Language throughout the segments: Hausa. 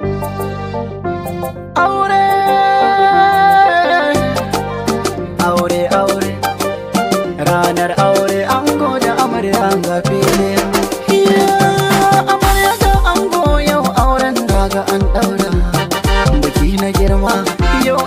Aure Aure aure Ranar aure ango da amarya ga fili Amarya ga ango yau auren daga an daura Biki na girma yau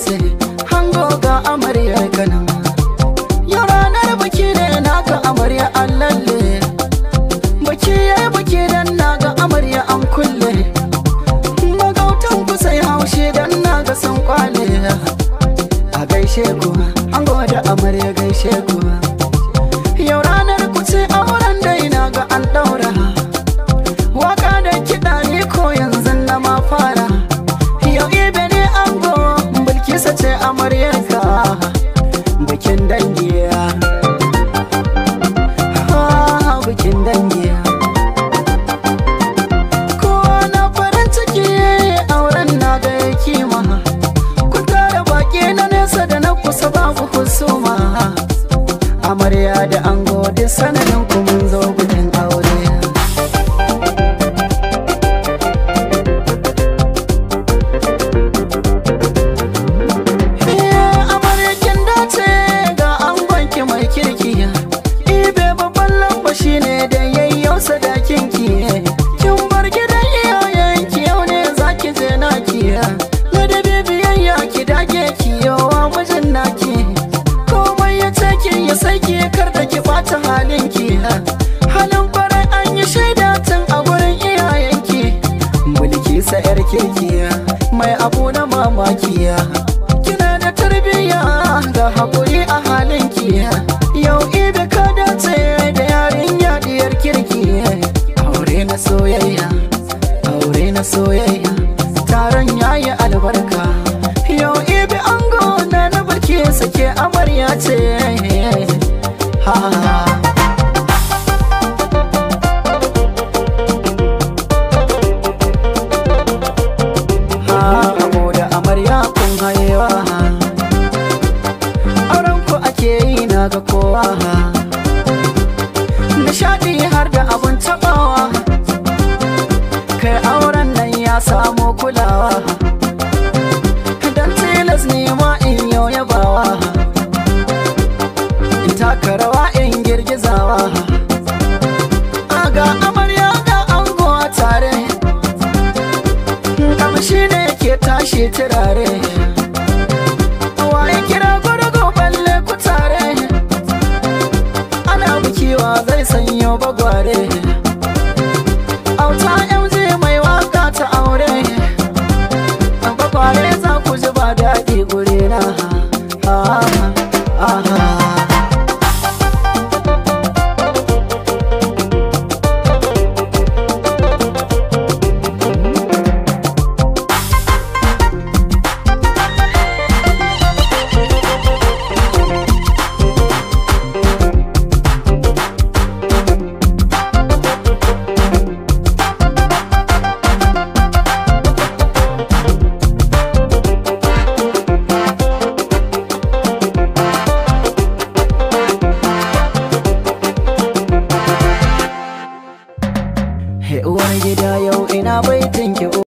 hatsari hango ga amaryar kanan amarya da ango duk sanadin ku mun zo gudun aure amaryakin dace ga mai kirki ibe babban lamba shine da kirkiya mai abu na mamakiya kina da tarbiyya da haƙuri a halin kiya yau ibe ka dace da yarin diyar kirkiya aure na soyayya aure na soyayya taron yayi albarka yau ibe ango na na barke sake amarya ce ha na ga kowa nishadi har da abun tabawa kai auren nan ya samu kulawa dan tilas ne ma in yau yabawa in taka rawa in girgizawa ga amarya ga ango a tare kamshi ne ke tashi turare parede